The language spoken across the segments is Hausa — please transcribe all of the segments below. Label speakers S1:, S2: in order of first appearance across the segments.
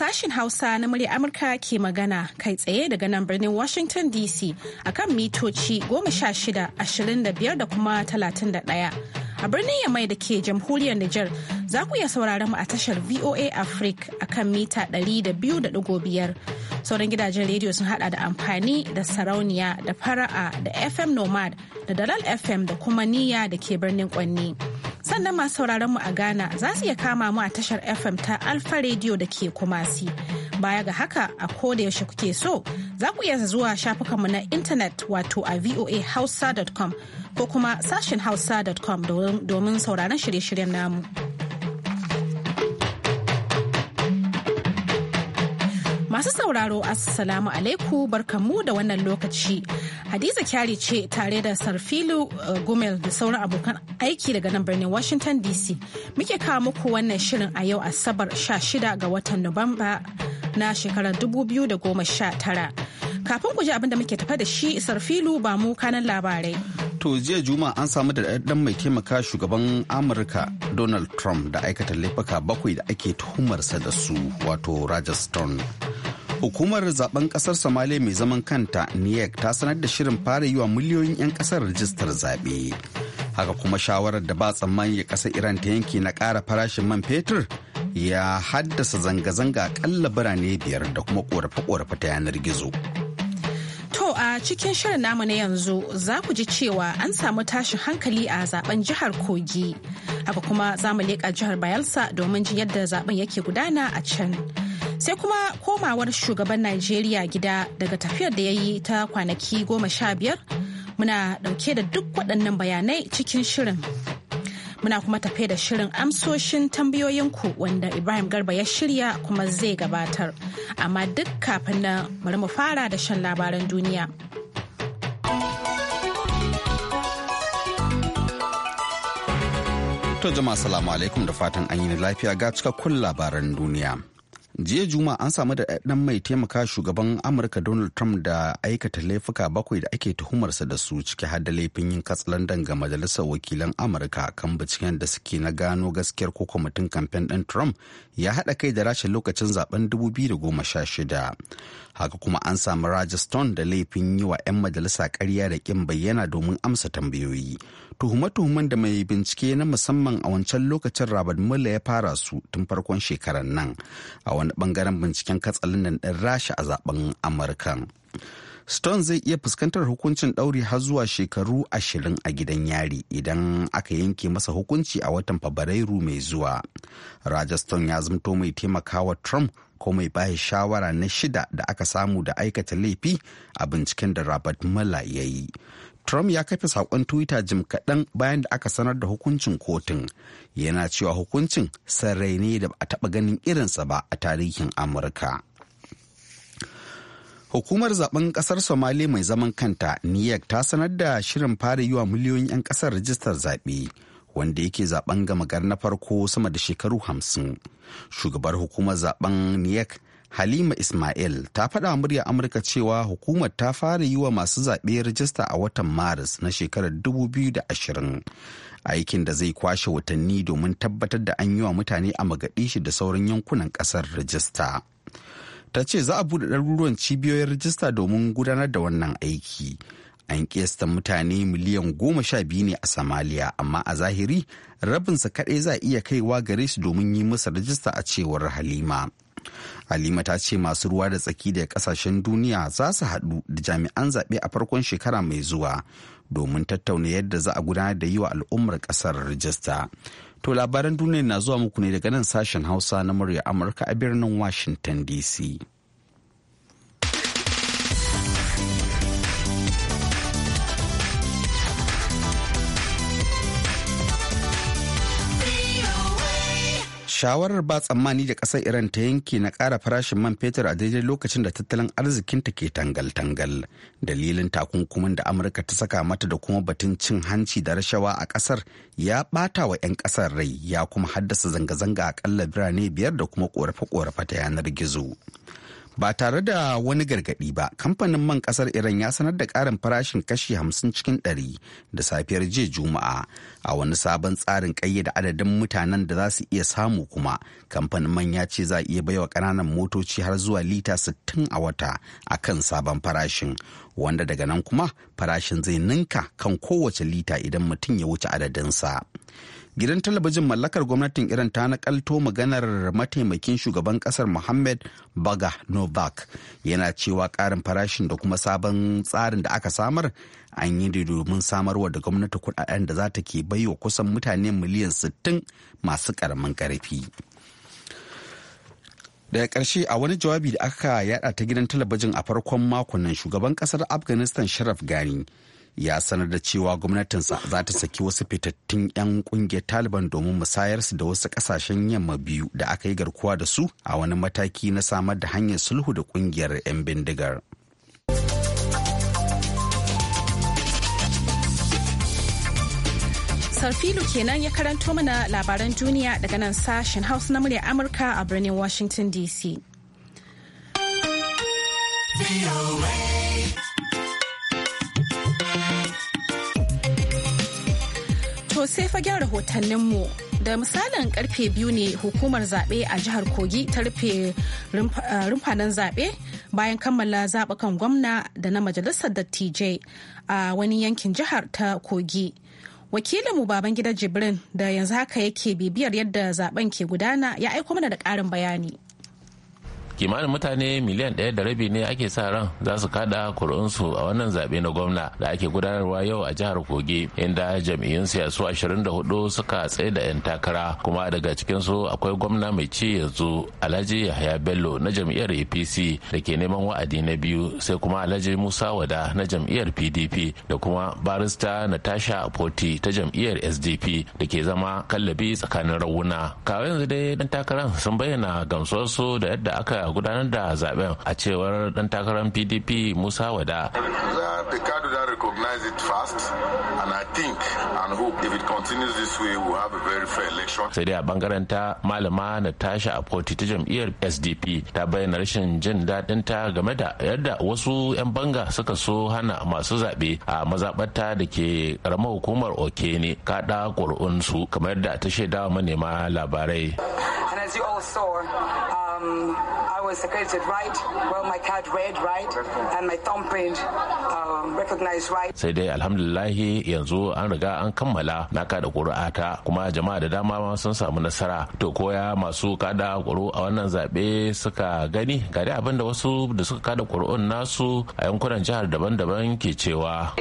S1: Sashen Hausa na murya Amurka ke magana kai tsaye daga nan birnin Washington DC akan mitoci 16, 25 da kuma 31. A birnin Yamai da ke jamhuriyar Nijar za ku iya sauraron mu a tashar VOA Africa akan mita 200.5. Sauran gidajen rediyo sun hada da amfani da sarauniya da fara'a da FM Nomad da Dalal FM da kuma Niyya da ke birnin Kwanne Sannan masu sauraron mu a Ghana za su iya kama mu a tashar FM ta Alfa Radio da ke Kumasi. Baya ga haka a koda yaushe kuke so za ku iya zuwa shafukanmu na intanet wato a voahausa.com ko kuma sashen hausa.com domin sauraron shirye-shiryen namu. Masu sauraro Assalamu alaikum mu' da wannan lokaci. Hadiza kyari ce tare da Sarfilu uh, Gumel da sauran abokan aiki daga nan birnin Washington DC. Muke kawo muku wannan shirin a yau Asabar 16 ga watan Nuwamba na shekarar 2019. Kafin ku ji abin da muke tafa da shi, Sarfilu ba mu kanan labarai.
S2: to jiya
S3: juma an samu da dan mai taimaka shugaban amurka donald trump da aikata laifuka bakwai da ake tuhumarsa da su wato rajasthan hukumar zaben kasar somalia mai zaman kanta niyek ta sanar da shirin fara yi wa miliyoyin 'yan kasar rajistar zaɓe haka kuma shawarar da ba tsammani ya kasa iran ta yanke na ƙara farashin man fetur ya haddasa zanga-zanga ƙalla birane biyar da kuma ƙorafe-ƙorafe ta yanar gizo.
S1: a cikin shirin namu na yanzu za ku ji cewa an samu tashin hankali a zaben jihar Kogi. Haka kuma za mu leƙa jihar Bayelsa domin jin yadda zaben yake gudana a can. Sai kuma komawar shugaban Najeriya gida daga tafiyar da ya yi ta kwanaki goma sha biyar muna ɗauke da duk waɗannan bayanai cikin shirin. Muna kuma tafe da shirin amsoshin tambayoyinku wanda Ibrahim Garba ya shirya kuma zai gabatar. Amma duk kafin nan bari mu fara da shan labaran duniya.
S3: To jama'a salamu alaikum da fatan an yi lafiya ga cikakkun labaran duniya. jiya juma an samu da ɗan mai taimaka shugaban amurka donald trump da aikata laifuka bakwai da ake tuhumarsa da su ciki har da laifin yin katsalandan ga majalisar wakilan amurka kan binciken da suke na gano gaskiyar ko kwamitin kamfen ɗin trump ya haɗa kai da rashin lokacin zaben 2016 haka kuma an samu Raja Stone da laifin yi wa 'yan majalisa karya da ƙin bayyana domin amsa tambayoyi. Tuhume-tuhumen da mai bincike na musamman a wancan lokacin Rabat Mulla ya fara su tun farkon shekarar nan a wani bangaren binciken katsalin nan ɗin Rasha a zaben Amurkan. Stone zai iya fuskantar hukuncin ɗauri har zuwa shekaru ashirin a gidan yari idan aka yanke masa hukunci a watan Fabrairu mai zuwa. Raja Stone ya zumto mai taimakawa Trump ko mai baya shawara na shida da aka samu da aikata laifi a binciken da Robert Mueller ya yi. Trump ya kafe saƙon Twitter jim kaɗan bayan da aka sanar da hukuncin kotun. Yana cewa hukuncin sarrai ne da a taɓa ganin irinsa ba a tarihin Amurka. Hukumar zaben ƙasar Somali mai zaman kanta York, ta sanar da shirin fara yi wa miliyoyin 'yan ƙasar rijistar zaɓe. wanda yake zaben gama gar na farko sama da shekaru hamsin shugabar hukumar zaben niyek halima ismail ta faɗa murya amurka cewa hukumar ta fara yi wa masu zaɓe rajista a watan maris na shekarar 2020 aikin da zai kwashe watanni domin tabbatar da an yi wa mutane a magaɗi shi da sauran yankunan ƙasar rajista ta ce za a buɗe ɗaruruwan cibiyoyin rajista domin gudanar da wannan aiki an kiyasta mutane miliyan goma sha biyu ne a samaliya amma a zahiri rabinsa kadai za iya kaiwa gare su domin yi masa rajista a cewar Halima. Halima ta ce masu ruwa da tsaki da kasashen duniya za su haɗu da jami'an zaɓe a farkon shekara mai zuwa domin tattauna yadda za a gudanar da yi wa al'ummar ƙasar rajista. To labaran duniya na zuwa muku ne daga nan sashen Hausa na murya Amurka a birnin Washington DC. shawarar ba tsammani da ƙasar iran ta yanke na ƙara farashin man fetur a daidai lokacin da tattalin arzikinta ke tangal-tangal dalilin takunkumin da amurka ta saka mata da kuma batun cin hanci da rashawa a ƙasar ya ɓata wa 'yan ƙasar rai ya kuma haddasa zanga-zanga a ƙalla birane biyar da kuma ƙorafe-ƙorafe ta yanar gizo ba tare da wani gargadi ba kamfanin man kasar iran ya sanar da karin farashin kashi 50 cikin 100 da safiyar jiya juma'a a wani sabon tsarin kayyada adadin mutanen da za su iya samu kuma kamfanin man ya ce za a iya baiwa kananan motoci har zuwa lita 60 a wata a kan sabon farashin wanda daga nan kuma farashin zai ninka kan kowace lita idan mutum ya wuce adadinsa. gidan talabijin mallakar gwamnatin iran ta nakalto maganar mataimakin shugaban kasar mohammed baga novak yana cewa karin farashin da kuma sabon tsarin da aka samar an yi da domin samarwa da gwamnati kudaden da za ta ke wa kusan mutane miliyan 60 masu karamin karfi daga karshe a wani jawabi da aka yada ta gidan talabijin a farkon makon nan shugaban kasar afghanistan sharaf gani ya sanar da cewa gwamnatinsa za ta saki wasu fitattun 'yan kungiyar taliban domin musayarsu da wasu kasashen yamma biyu da aka yi garkuwa da su a wani mataki na samar da hanyar sulhu da kungiyar 'yan bindigar.
S1: Sarfilu kenan ya karanto mana labaran duniya daga nan sashen House na muryar Amurka a birnin Washington DC. To sai fagen rahotanninmu da misalin karfe biyu ne hukumar zaɓe a jihar Kogi ta rufe eh, rumfanan zaɓe bayan kammala zaɓukan gwamna da na majalisar dattijai a wani yankin jihar ta Kogi. Wakilinmu baban gidan Jibrin da yanzu haka yake bibiyar yadda zaben ke gudana ya aiko mana da ƙarin bayani.
S4: kimanin mutane miliyan ɗaya da rabi ne ake sa ran za su kada kuri'unsu a wannan zaɓe na gwamna da ake gudanarwa yau a jihar kogi inda jam'iyyun siyasu 24 suka tsaye da 'yan takara kuma daga cikinsu akwai gwamna mai ci yanzu alhaji yahaya bello na jam'iyyar apc da ke neman wa'adi na biyu sai kuma alhaji musa wada na jam'iyyar pdp da kuma barista natasha poti ta jam'iyyar sdp da ke zama kallabi tsakanin rawuna kawai yanzu dai 'yan takarar sun bayyana gamsuwarsu da yadda aka a gudanar da zaben a cewar dan takarar pdp musa wada sai dai a bangaren ta malama natasha apoti ta jam'iyyar sdp ta bayyana rashin jin daɗin ta game da yadda wasu 'yan banga suka so hana masu zaɓe a mazaɓarta da ke rama hukumar okene kaɗa ƙuri'unsu kamar da ta shaidawa manema labarai
S5: as you all saw, um, I was accredited right, well my card read right, and my thumbprint um, recognized right.
S4: Sai dai alhamdulillahi yanzu an riga an kammala na kada ƙuri'a ta kuma jama'a da dama sun samu nasara. To koya masu kada ƙuri'u a wannan zaɓe suka gani ga dai abin da wasu da suka kada ƙuri'un nasu a yankunan jihar daban-daban ke cewa.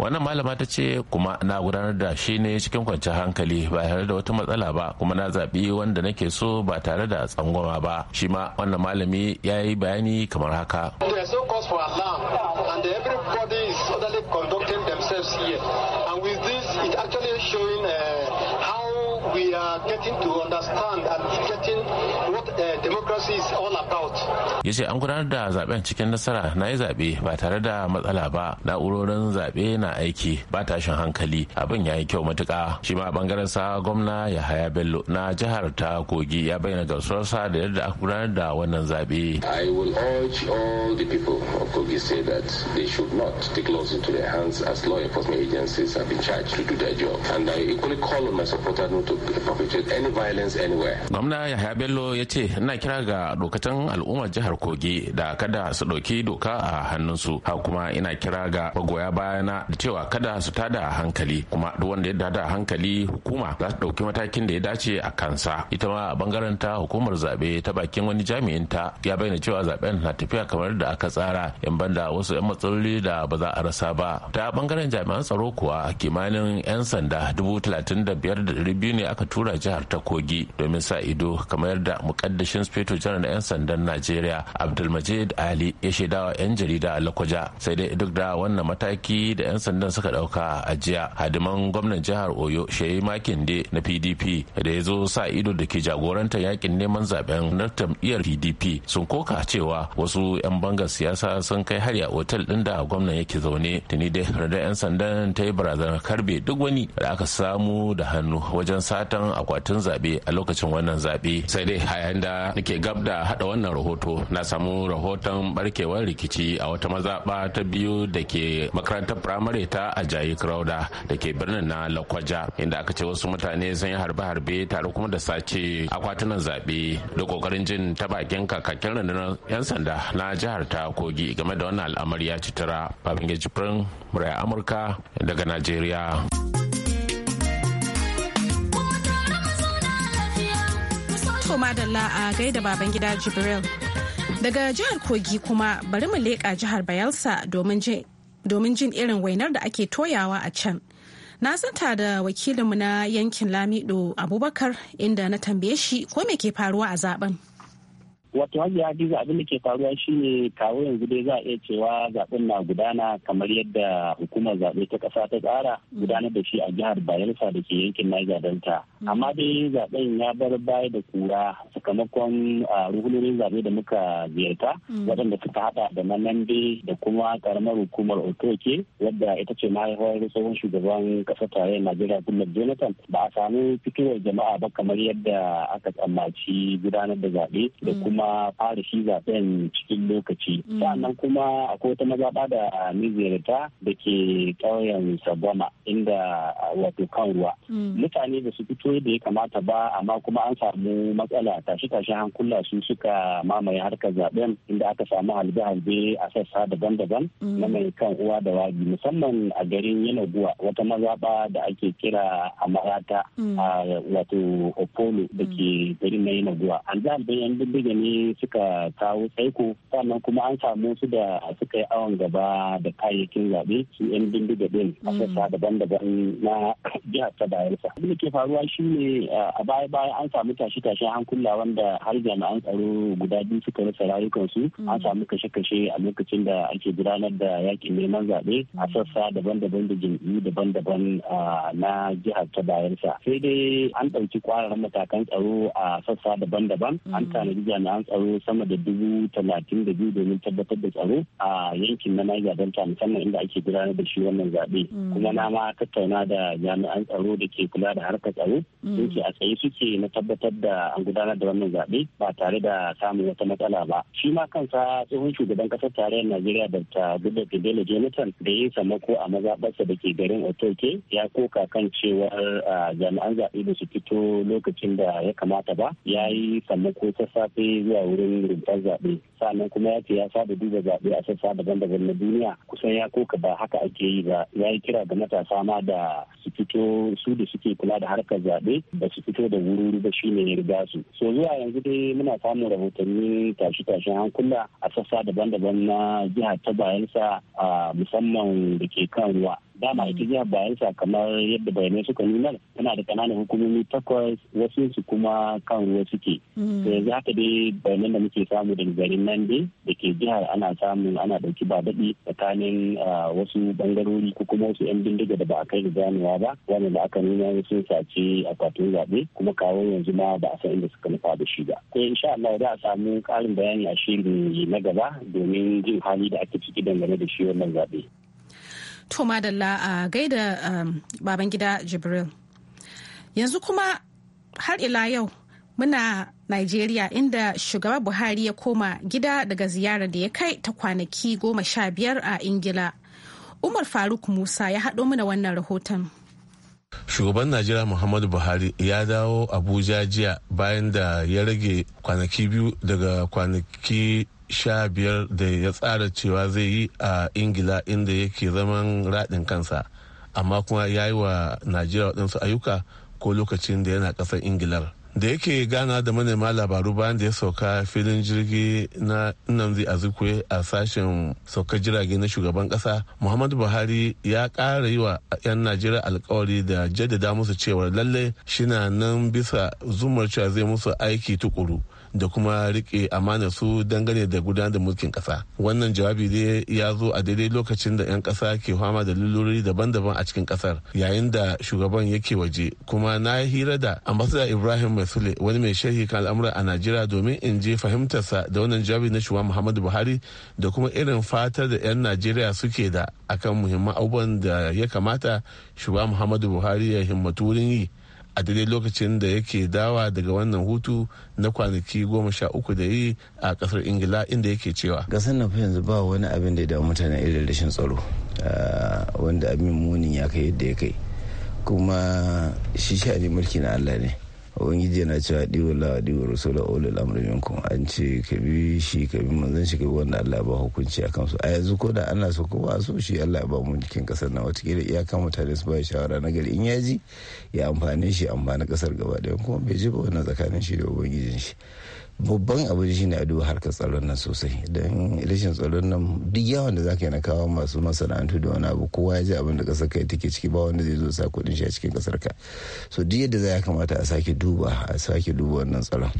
S4: wannan malama ta ce kuma na gudanar da shi ne cikin kwanciyar hankali ba tare da wata matsala ba kuma na zaɓi wanda nake so ba tare da tsangwama ba shi ma wannan malami ya yi bayani kamar haka
S3: And with this, it actually showing uh, how we are getting to understand
S2: and getting what uh, democracy is all about.
S4: ya an gudanar da zaben cikin nasara na yi zaɓe ba tare da matsala ba na'urorin zabe na aiki ba tashin hankali abin ya yi kyau matuka shima ma bangaren sa gwamna yahaya bello na jihar ta kogi ya bayyana gamsuwarsa da yadda aka gudanar da wannan zabe. i will urge all the people of kogi state that they should not take laws into their hands as law enforcement agencies have been charged to do their job and i equally call on my supporters to perpetrate any violence anywhere. gwamna yahaya bello ya ce ina kira ga dokatan al'ummar jihar kogi da kada su ɗauki doka a hannunsu ha kuma ina kira ga magoya bayana da cewa kada su tada hankali kuma duk wanda ya tada hankali hukuma za su ɗauki matakin da ya dace a kansa ita ma a bangaren ta hukumar zaɓe ta bakin wani jami'in ta ya bayyana cewa zaben na tafiya kamar da aka tsara yan banda wasu yan matsaloli da ba za a rasa ba ta bangaren jami'an tsaro kuwa kimanin yan sanda dubu talatin da biyar da ɗari biyu ne aka tura jihar ta kogi domin sa ido kamar yadda mukaddashin speto janar yan sandan najeriya abdulmajid ali ya shaida wa 'yan jarida a lakwaja sai dai duk da wannan mataki da 'yan sandan suka dauka a jiya hadiman gwamnan jihar oyo shehi makinde na pdp da ya zo sa ido da ke jagorantar yakin neman zaben na jam'iyyar pdp sun koka cewa wasu 'yan bangar siyasa sun kai hari a otal din da gwamnan yake zaune tuni dai da 'yan sandan ta yi barazanar karbe duk wani da aka samu da hannu wajen satan akwatin zaɓe a lokacin wannan zaɓe sai dai a da nake gabda da haɗa wannan rahoto na samu rahoton barkewar rikici a wata mazaɓa ta biyu da ke makarantar firamare ta ajayi krauda da ke birnin na lakwaja inda aka ce wasu mutane sun yi harbe-harbe tare kuma da sace akwatunan zaɓe da ƙoƙarin jin ta bakin kakakin rundunar 'yan sanda na jihar ta kogi game da wannan al'amari ya citira babangeji firin amurka daga najeriya
S1: to madalla a gaida baban gida jibril Daga jihar Kogi kuma bari mu leƙa jihar Bayelsa domin jin irin wainar da ake toyawa a can. Na zanta da wakilinmu na yankin Lamido Abubakar inda na tambaye shi ko me ke faruwa a zaben.
S6: wato hajiya hadiza abin da ke faruwa shine kawo yanzu dai za a iya cewa zaben na gudana kamar yadda hukumar zaɓe ta ƙasa ta tsara gudanar da shi a jihar bayelsa da ke yankin niger delta amma dai zaben ya bar baya da kura sakamakon ruhunonin zaɓe da muka ziyarta waɗanda suka haɗa da manambe da kuma karamar hukumar otoke wadda ita ce mahaifar tsohon shugaban ƙasa tare najeriya gullar jonathan ba a sami fitowar jama'a ba kamar yadda aka tsammaci gudanar da zaɓe da kuma kuma fara shi zaben cikin lokaci mm. sannan kuma akwai wata mazaɓa da nizirta da ke ƙauyen sabama inda wato kan ruwa mm. mutane da su fito da ya kamata ba amma kuma an samu matsala tashe-tashen hankula su suka mamaye harkar zaben inda aka samu halbe-halbe a sassa daban-daban mm. na mai kan uwa da wagi musamman a garin yanaguwa wata mazaɓa da ake kira a marata wato opolo da ke garin na yanaguwa an zaɓe yan bindiga ne suka kawo tsaiko sannan kuma an samu su da suka yi awon gaba da kayayyakin zaɓe su yan bindiga din a mm. sassa daban-daban na jihar ta bayelsa abin da ke faruwa shine a baya baya an samu tashe-tashen hankula wanda har jami'an tsaro guda biyu suka rasa rayukansu mm. an samu kashe-kashe a lokacin da ake gudanar da yakin neman zaɓe a mm. sassa daban-daban da jam'iyyu daban-daban na jihar ta bayelsa sai dai an ɗauki kwararan matakan tsaro a sassa daban-daban an tanadi jami'an jami'an tsaro sama da dubu talatin da biyu domin tabbatar da tsaro a yankin na Niger Delta musamman inda ake gudanar da shi wannan zaɓe. Mm. Kuma na ma tattauna da jami'an tsaro da ke kula da harkar tsaro mm. sun ce a tsaye suke na tabbatar da an gudanar da wannan zaɓe ba tare da samun wata matsala ba. Shi ma kansa tsohon shugaban ƙasar tarayyar Najeriya da ta Goodluck Ebele Jonathan da ya samako a mazaɓarsa da ke garin Otoke ya koka kan cewar jami'an zaɓe da su fito lokacin da ya kamata ba ya yi sammako ta safe zuwa wurin rumfar zaɓe sannan kuma ya ce ya saba duba zaɓe a sassa daban-daban na duniya kusan ya koka ba haka ake yi ba ya yi kira ga matasa ma da su fito su da suke kula da harkar zaɓe ba su fito da wuri ba shi ne ya su so zuwa yanzu dai muna samun rahotanni tashe-tashen hankula a sassa daban-daban na jiha ta bayansa musamman da ke kan ruwa dama ita jihar bayelsa kamar yadda bayanai suka nuna tana da kananan hukumomi takwas wasu su kuma kan ruwa suke mm. to yanzu haka dai bayanan da muke samu daga garin nan dai da ke jihar ana samu ana dauki ba daɗi tsakanin ah, wasu bangarori ko kuma wasu yan bindiga da ba a kai da ganewa ba wani da aka nuna sun sace akwatin zaɓe kuma kawo yanzu ma ba a san inda suka nufa da shi ba ko insha Allah za a samu ƙarin bayani a shirin na gaba domin jin hali da ake ciki dangane da shi wannan zaɓe.
S1: To madalla a gaida um, baban gida Jibril. Yanzu kuma har ila yau muna Najeriya inda shugaba Buhari ya koma gida daga ziyarar da ya kai ta kwanaki goma sha biyar a Ingila. Umar Faruk Musa ya haɗo mana wannan rahoton.
S7: shugaban najeriya muhammadu buhari ya dawo abuja jiya bayan da ya rage kwanaki biyu daga kwanaki sha biyar da ya tsara cewa zai yi a ingila inda yake zaman raɗin kansa amma kuma ya yi wa najeriya waɗansu ayyuka ko lokacin da yana ƙasar ingilar da yake gana da manema labaru bayan da ya sauka filin jirgi na nnamdi azikwe a sashen saukar jirage na shugaban kasa muhammadu buhari ya kara yi wa 'yan najeriya alkawari da jaddada musu cewar lalle shina nan bisa zumar cewa zai musu aiki tukuru da kuma riƙe amana su dangane da gudanar da mulkin kasa wannan jawabi ne ya zo a daidai lokacin da 'yan kasa ke fama da lulluri daban-daban a cikin kasar yayin da shugaban yake waje kuma na yi hira da ambasada ibrahim masule wani mai sharhi kan al'amura a najeriya domin in je fahimtarsa da wannan jawabi na shugaban muhammadu buhari da kuma irin fatar da 'yan najeriya suke da akan muhimman abubuwan da ya kamata shugaban muhammadu buhari ya himmatu wurin yi a daidai lokacin da yake dawa daga wannan hutu na kwanaki goma sha uku da yi a kasar ingila inda yake cewa
S5: kasar na yanzu ba wani abin da ya damu mutane irin rashin tsaro ah, wanda abin munin ya kai yadda ya kai kuma shi sha'ani mulki na allah ne ubangiji yana cewa diwa la diwa rasula ulul amri minkum an ce ka bi shi ka bi manzon shi ka bi wanda Allah ba hukunci a kansu a yanzu ko da ana so ko ba so shi Allah ba mu cikin kasar nan watakila kama mutane su ba shawara na gari in ya ji ya amfane shi amfani kasar gaba ɗaya kuma bai ji ba wannan tsakanin shi da ubangijin shi babban abin shi ne a duba harkar tsaron nan sosai don rashin tsaron nan duk yawan da zaka yi na kawo masu masana'antu da wani abu kowa ya ji abin da kasar ka kai take ciki ba wanda zai zo sa kudin shi a cikin kasar ka so duk yadda za ya kamata a sake duba a sake duba wannan tsaron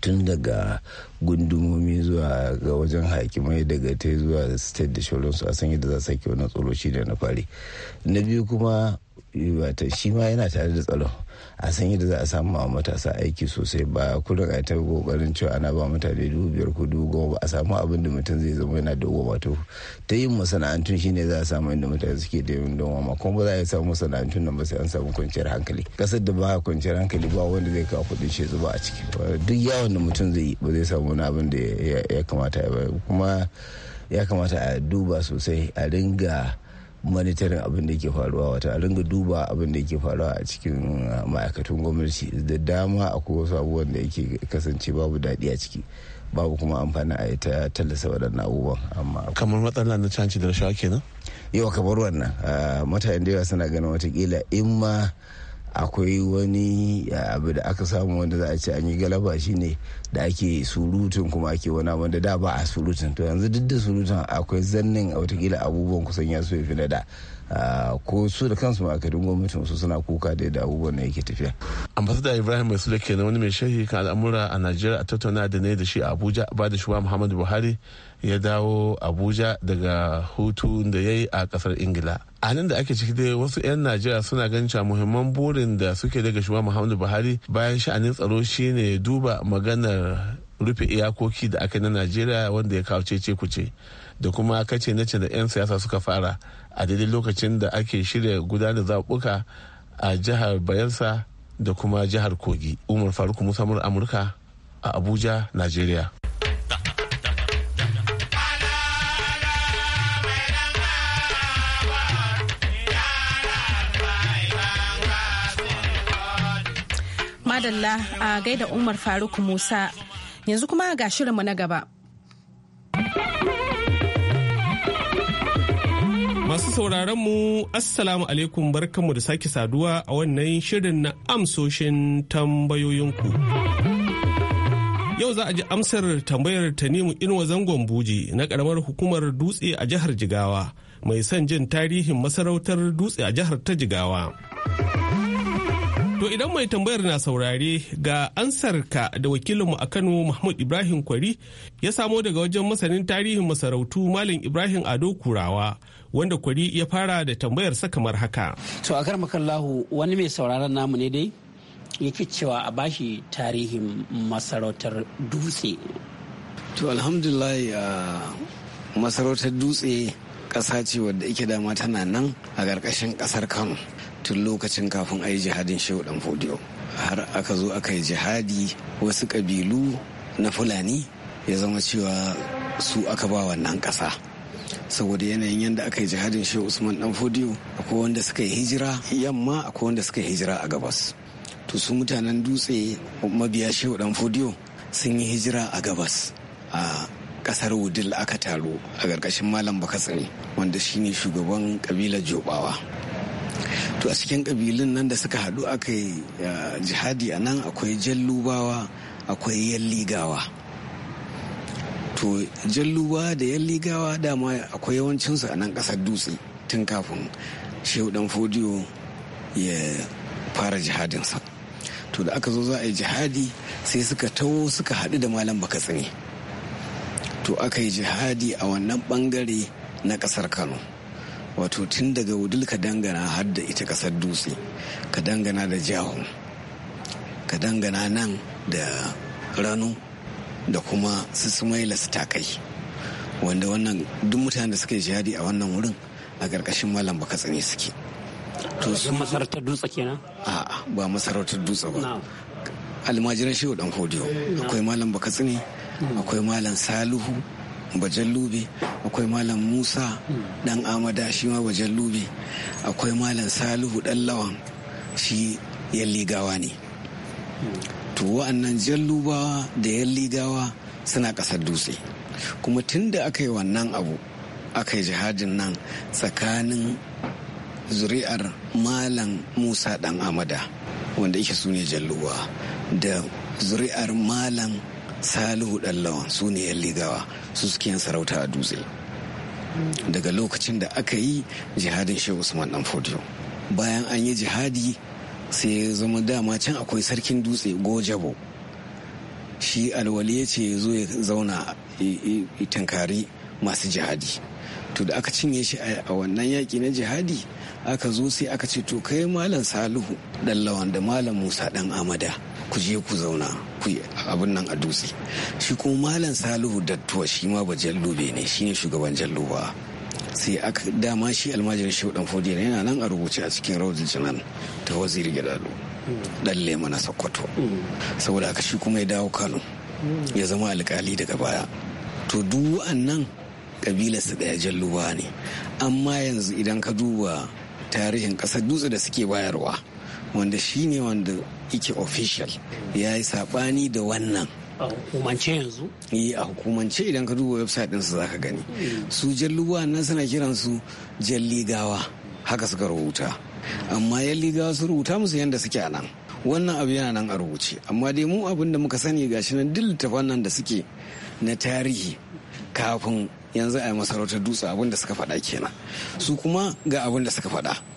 S5: tun daga gundumomi zuwa ga wajen hakimai daga ta zuwa state da sholonsu a san yadda za su sake wannan tsoro shi ne na fari na biyu kuma wata shi ma yana tare da tsaro a san yadda za a samu a matasa aiki sosai ba kullum a ta kokarin cewa ana ba mutane dubu biyar ko dubu goma ba a samu abin da mutum zai zama yana dogo wato ta yin masana'antun shine za a samu inda mutane suke da yin don ma kuma za a samu masana'antun nan ba sai an samu kwanciyar hankali kasar da ba kwanciyar hankali ba wanda zai kawo kuɗin shi zuba a ciki duk yawon da mutum zai yi ba zai samu wani abin da ya kamata ya kuma ya kamata a duba sosai a dinga. monitoring abin da ke faruwa wata a ringa duba abin da ke faruwa a cikin ah, ma'aikatan gwamnati da dama akwai wasu abubuwan da yake kasance babu daɗi a ciki babu kuma amfani a ita tallasa waɗannan abubuwan amma kamar matsala na canci da rashawa kenan yawa kamar wannan ah, mutane da yawa suna ganin watakila in ma akwai wani ah, abu da aka samu wanda za a ce an yi galaba shine da ake surutun kuma ake wani abu da da ba a surutun to yanzu duk da surutun akwai zannin a watakila abubuwan kusan ya soya da ah, ko su da kansu ma'aikatan gwamnatin su suna kuka da yadda abubuwan na yake tafiya.
S7: ambasada ibrahim mai sule na wani mai shahi kan al'amura a najeriya a tattauna da ne da shi a abuja ba da shuwa muhammadu buhari ya dawo abuja daga hutu da ya yi a kasar ingila a nan da ake ciki dai wasu 'yan najeriya suna ganin cewa muhimman burin da suke daga shuwa muhammadu buhari bayan sha'anin tsaro shine duba maganar maganar uh, rufe iyakoki da aka na najeriya wanda ya kawo cece kuce da kuma kace na ce da 'yan siyasa suka fara a daidai lokacin da ake shirya gudanar zaɓuka a jihar bayelsa da kuma jihar kogi umar faruk musamman amurka a abuja najeriya
S1: madalla a gaida Umar Faruk Musa. Yanzu kuma ga shirinmu na gaba.
S2: Masu sauraron mu Assalamu alaikum barkanmu da sake saduwa a wannan shirin na amsoshin tambayoyinku. Yau za a ji amsar tambayar Tanimu Inuwa Zangon Buji na karamar hukumar Dutse a jihar Jigawa mai son jin tarihin masarautar Dutse a jihar ta Jigawa. To idan mai tambayar na saurare ga ansarka da wakilinmu a Kano Mahmud Ibrahim Kwari ya samo daga wajen masanin tarihin masarautu Malam Ibrahim Ado Kurawa wanda Kwari ya fara da tambayar sa kamar haka.
S8: To a kar wani mai sauraron namu ne dai yake cewa a bashi tarihin
S9: masarautar dutse. To alhamdulillah masarautar dutse ƙasa ce wadda ike dama tana nan a ƙarƙashin ƙasar Kano. tun lokacin kafin a yi jihadin shehu dan fodiyo har aka zo aka yi jihadi wasu kabilu na fulani ya zama cewa su aka ba wannan kasa saboda yanayin yadda aka yi jihadin shehu usman dan fodiyo akwai wanda suka yi hijira yamma akwai wanda suka yi hijira a gabas to su mutanen dutse mabiya shehu dan fodiyo sun yi hijira a gabas a kasar wudil aka taro a ƙarƙashin malam bakatsari wanda shine shugaban kabilar jobawa to a cikin ƙabilun nan da suka haɗu aka yi jihadi a nan akwai jallubawa akwai yalligawa to jallubawa da yalligawa dama akwai yawancinsu a nan ƙasar dutse tun kafin shehu dan fodiyo ya fara jihadinsa to da aka zo za a yi jihadi sai suka taho suka haɗu da malam bakatsini to aka yi jihadi a wannan ɓangare na ƙasar kano wato tun daga wudul ka dangana har da ita kasar dutse ka dangana da jahu ka dangana nan da rano da kuma susumaila su takai wanda wannan duk mutanen da suka yi jihadi a wannan wurin a ƙarƙashin malam baka tsane suke to su masarautar dutse kenan a'a ba masarautar dutse ba almajiran shehu dan hodiyo akwai malam baka tsane akwai malam salihu bajan akwai malam musa dan amada shi ma bajan akwai malam salihu dan lawan shi yan ligawa ne to wa'annan jallubawa da yan ligawa suna kasar dutse kuma tun da aka yi wannan abu aka yi jihadin nan tsakanin zuri'ar malam musa dan amada wanda ike su ne jalluwa da zuri'ar malam salihu ɗallawan su ne yan ligawa su suke yin sarauta a dutse daga lokacin da aka yi jihadin shehu usman dan fodiyo bayan an yi jihadi sai ya zama dama can akwai sarkin dutse gojabo shi alwali ya ce zo ya zauna tankari masu jihadi to da aka cinye shi a wannan yaƙi na jihadi aka zo sai aka ce to kai malam salihu ɗan da malam musa ɗan amada ku je ku zauna ku abin nan a dutse shi kuma malam salihu dattuwa shi ma ba jallobe ne shi ne shugaban ba sai aka dama shi almajirin shi dan fodi yana nan a rubuce a cikin rawar jinan ta waziri gidado dan lema na sokoto saboda aka shi kuma ya dawo kano ya zama alkali daga baya to duk kabilar kabilarsa daya jalluwa ne amma yanzu idan ka duba tarihin kasar dutse da suke bayarwa wanda shi ne wanda yake official ya yi saɓani da wannan a hukumance yanzu? E, a hukumance idan ka duba website ɗinsu za ka gani hmm. su jalluwa nan suna kiransu jalligawa haka suka rubuta amma ligawa su rubuta musu yadda suke a nan wannan abu yana nan a rubuce amma dai mu abin da muka sani gashi nan duk littafan nan da suke na tarihi kafin yanzu a yi masarautar dutse abin da suka faɗa kenan su kuma ga abin da suka faɗa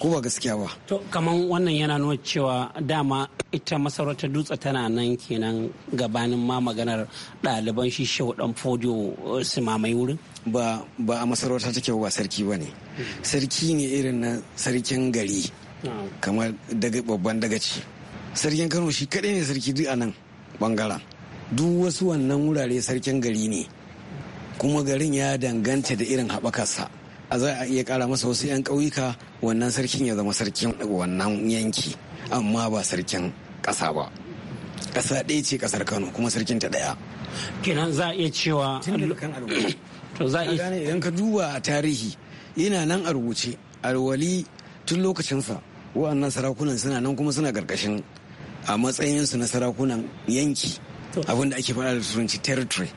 S9: ko ba gaskiya ba
S8: to kaman wannan yana nuna cewa dama ita masarautar dutse tana nan kenan gabanin ma maganar ɗaliban shi shaudan fodiyo eh, su mamaye wurin
S9: ba ba a masarauta take ba sarki ba ne hmm. sarki ne irin na sarkin gari hmm. kamar daga babban dagaci sarkin kano shi kaɗai ne sarki duk a nan bangaren duk wasu wannan wurare sarkin gari ne kuma garin ya danganta da irin haɓakarsa a za a iya kara masa wasu 'yan ƙauyuka wannan sarkin ya zama sarkin wannan yanki amma ba sarkin ƙasa ba ƙasa ɗaya ce ƙasar kano kuma sarkin ta ɗaya kenan za a iya cewa to za a idan ka duba a tarihi yana nan a rubuce alwali tun lokacinsa wa'annan sarakunan suna nan kuma suna ƙarƙashin a matsayinsu na sarakunan yanki abinda da ake faɗa da turanci territory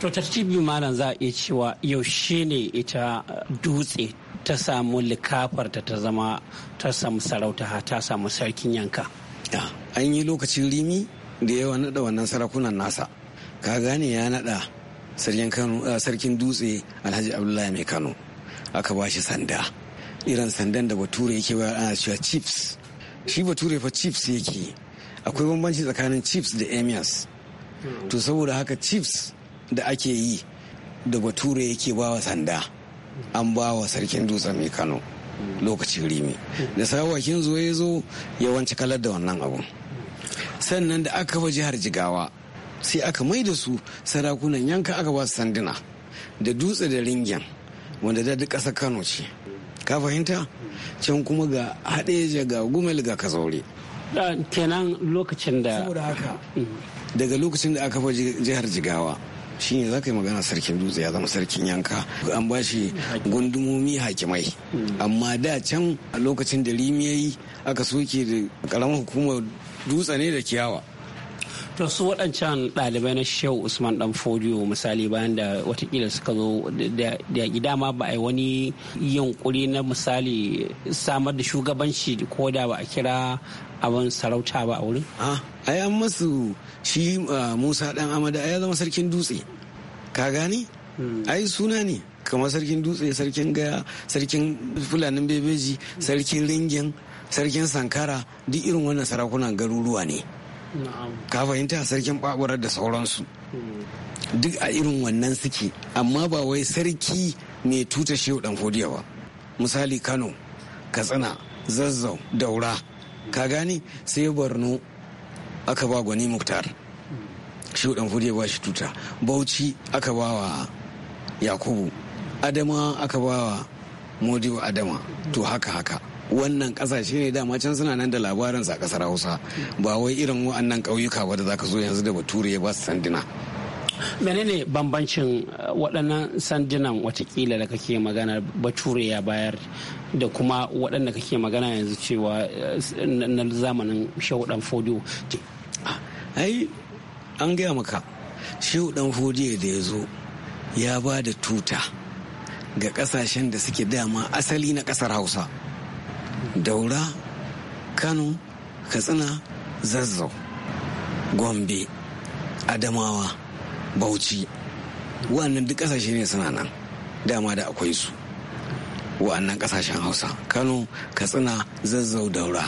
S8: To tartibi malam za a iya cewa yaushe ne ita uh, dutse ta samu likafarta ta zama
S9: ta samu sarauta ta samu sarkin yanka. An yi lokacin rimi da yawa naɗa wannan sarakunan nasa. Ka gane ya naɗa uh, sarkin dutse Alhaji Abdullahi mai Kano. Aka ba shi sanda. Irin sandan da Bature yake wa ana cewa Chips. Shi Bature fa chips yake. Akwai bambanci tsakanin Chips da emirs. To saboda haka Chips. da ake yi da bature yake ba wa sanda an ba wa sarkin dutsen mai kano lokacin rimi da sawakin zo ya zo yawanci kalar da wannan abu sannan da aka kafa jihar jigawa sai aka mai da su sarakunan yanka aka ba su sanduna da dutse da ringen wanda da duk ƙasar kano ce ka fahimta can kuma ga haɗeja ga gumel ga kazaure kenan lokacin da saboda haka mm. daga lokacin da aka kafa jihar jigawa shi ne za ka yi magana sarkin dutse ya zama sarkin yanka an ba shi gundumomi hakimai amma da can a lokacin da rimi aka soke da karamar hukumar dutse ne da kiyawa
S8: to su waɗancan ɗalibai na shehu usman dan fodiyo misali bayan da watakila suka zo da gida ma ba a yi wani yankuri na misali samar da shugabanci ko da ba a kira abin sarauta ba a wurin? A, ah, yi an masu
S9: shi ah, Musa ɗan Amada ya zama sarkin dutse. Ka gani hmm. Ai suna ne. kamar sarkin dutse sarkin gaya sarkin fulanin bebeji sarkin ringin sarkin sankara duk irin wannan sarakunan garuruwa ne ka fahimta sarkin baburar da sauransu hmm. duk a irin wannan suke amma ba wai sarki ne tuta shehu dan fodiya ba misali kano katsina zazzau daura ka gani sai barno aka ba gwani muktar shi dan ya ba shi tuta bauchi aka ba wa yakubu adama aka ba wa modiwa adama to haka haka wannan kasashe ne dama can suna nan da labarin sa kasar hausa ba wai irin wa'annan ƙauyuka ba da zaka zo yanzu da bature ya ba su sandina
S8: menene bambancin eh, waɗannan sandunan watakila da kake magana bature ya bayar da kuma waɗanda kake magana yanzu cewa eh, na zamanin shaudan fodiyo
S9: ai an gaya maka shaudan fodiyo da ya zo ya ba da tuta ga ƙasashen da suke dama asali na ƙasar hausa daura kano katsina zazzau gombe adamawa bauchi wannan duk kasashe ne suna nan dama da akwai su wannan kasashen hausa kano katsina zazzau daura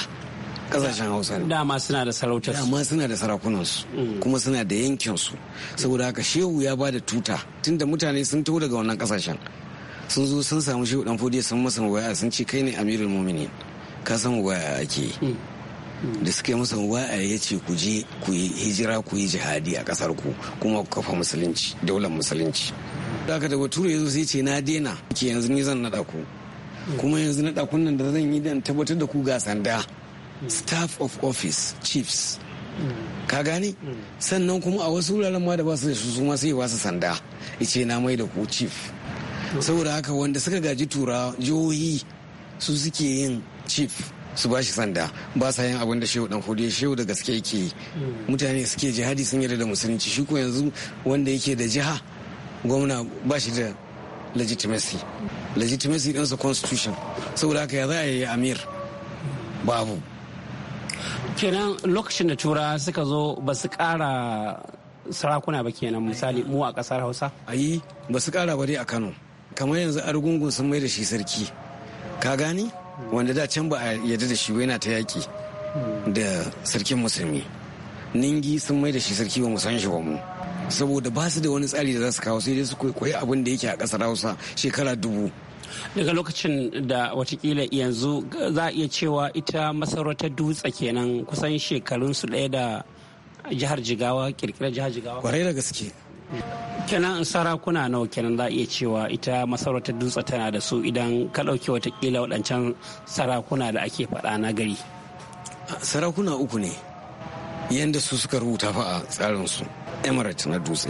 S9: kasashen hausa ne dama suna da sarautar dama suna da sarakunansu kuma suna da yankinsu saboda haka shehu ya ba da tuta tunda mutane sun taho daga wannan kasashen sun zo sun samu shehu dan fodiya sun masa waya sun ce kai ne amirul mu'minin ka san waya ake hmm. da suka yi musu wa'ayi ya ce ku je ku yi hijira ku yi jihadi a kasar ku kuma ku kafa musulunci daular musulunci da aka da bature yanzu sai ce na dena. ke yanzu ni zan naɗa ku kuma yanzu naɗa kunnan da zan yi dan tabbatar da ku ga sanda staff of office chiefs ka gane sannan kuma a wasu wuraren ma da ba su da su ma sai ba su sanda ce na mai da ku chief saboda haka wanda suka gaji turawa jihohi su suke yin chief su ba shi sanda ba sa yin abin da shehu dan fodiyo shehu da gaske yake mutane suke jihadi sun yarda da musulunci shi ko yanzu wanda yake da jiha gwamna ba shi da legitimacy legitimacy ɗinsa constitution saboda haka ya za a yi amir babu kenan lokacin da tura suka zo ba su kara sarakuna ba kenan misali mu a kasar hausa ayi ba su kara ba dai a kano kamar yanzu argungun sun mai da shi sarki ka gani wanda da can ba a yarda da shi ba yana ta yaki. da sarkin musulmi ningi sun mai da shi sarki ba san shi ba mu saboda ba su da wani tsari da za su kawo sai dai su koyi abin da yake a ƙasar hausa shekara dubu
S8: daga lokacin da watakila yanzu za a iya cewa ita masarautar dutse kenan kusan shekarun su ɗaya da jihar jigawa kirkirar jihar jigawa kwarai da gaske kenan sarakuna nawa kenan za a iya cewa ita masarautar dutse tana da su idan ka ɗauki watakila waɗancan sarakuna
S9: da ake faɗa na gari sarakuna uku ne yadda su suka rubuta fa a tsarinsu emirates na dutse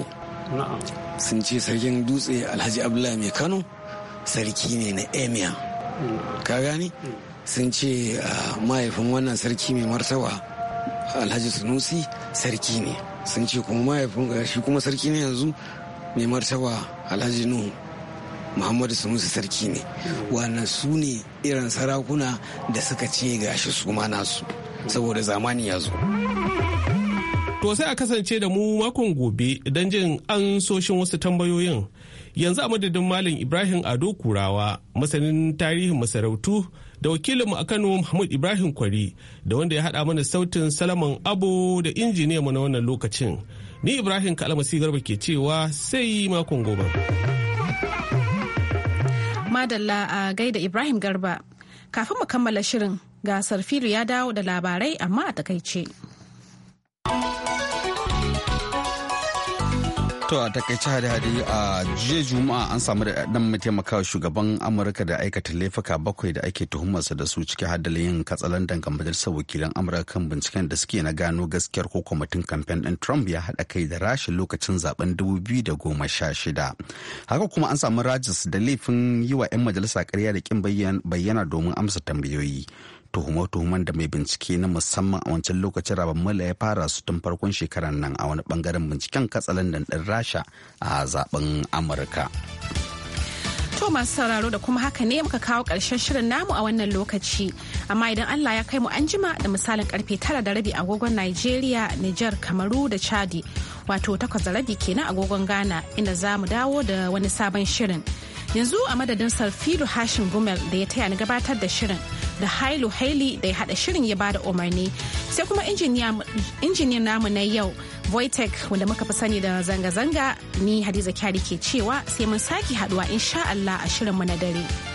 S9: sun ce sarkin dutse alhaji abdullahi mai kano sarki ne na emir ka gani sun ce ah, mahaifin wannan sarki mai martaba alhaji sunusi sarki ne sun ce kuma mahaifin shi kuma sarki ne yanzu mai martaba alhaji nuhu muhammadu sanusi sarki ne wannan su ne irin sarakuna da suka ce gashi su ma nasu saboda zamani ya zo
S2: to sai a kasance da mu makon gobe don jin an soshin wasu tambayoyin yanzu a madadin malam ibrahim ado kurawa masanin tarihin masarautu da wakilinmu a Kano Muhammad Ibrahim Kwari da wanda ya haɗa mana sautin Salaman abu da mu na wannan lokacin. Ni Ibrahim Kalmasi Garba ke cewa sai makon gobe.
S1: Madalla a gaida Ibrahim Garba. Kafin mu kammala shirin, gasar Sarfiru ya dawo da labarai amma a takaice.
S3: To a takaice hade-hade a jiya juma'a an samu da dan mataimaka shugaban Amurka da aikata laifuka bakwai da ake tuhumarsa da su ciki har yin katsalandan dangan majalisar wakilan Amurka kan binciken da suke na gano gaskiyar ko kwamitin kamfen din Trump ya haɗa kai da rashin lokacin zaben 2016. Haka kuma an samu Rajis da laifin yi wa 'yan majalisa karya da kin bayyana domin amsa tambayoyi. tuhume-tuhumen da mai bincike na musamman a wancan lokacin rabon mula ya fara su tun farkon shekarar nan a wani bangaren binciken katsalandan ɗin rasha a zaben amurka
S1: To masu sauraro da kuma haka ne muka kawo ƙarshen shirin namu a wannan lokaci. Amma idan Allah ya kai mu an jima da misalin karfe tara da rabi agogon Nigeria, Nijar, Kamaru da Chadi. Wato takwas da rabi kenan agogon Ghana inda za mu dawo da wani sabon shirin. Yanzu a madadin Sarfilu Hashin Gumel da ya taya ni gabatar da shirin. da Hailu Haili da ya hada shirin ya bada umarni. Sai kuma injiniyan namu na yau Voitech wanda muka fi sani da zanga-zanga ni Hadiza Kyari ke cewa sai mun sake haduwa insha Allah a shirin mu na dare.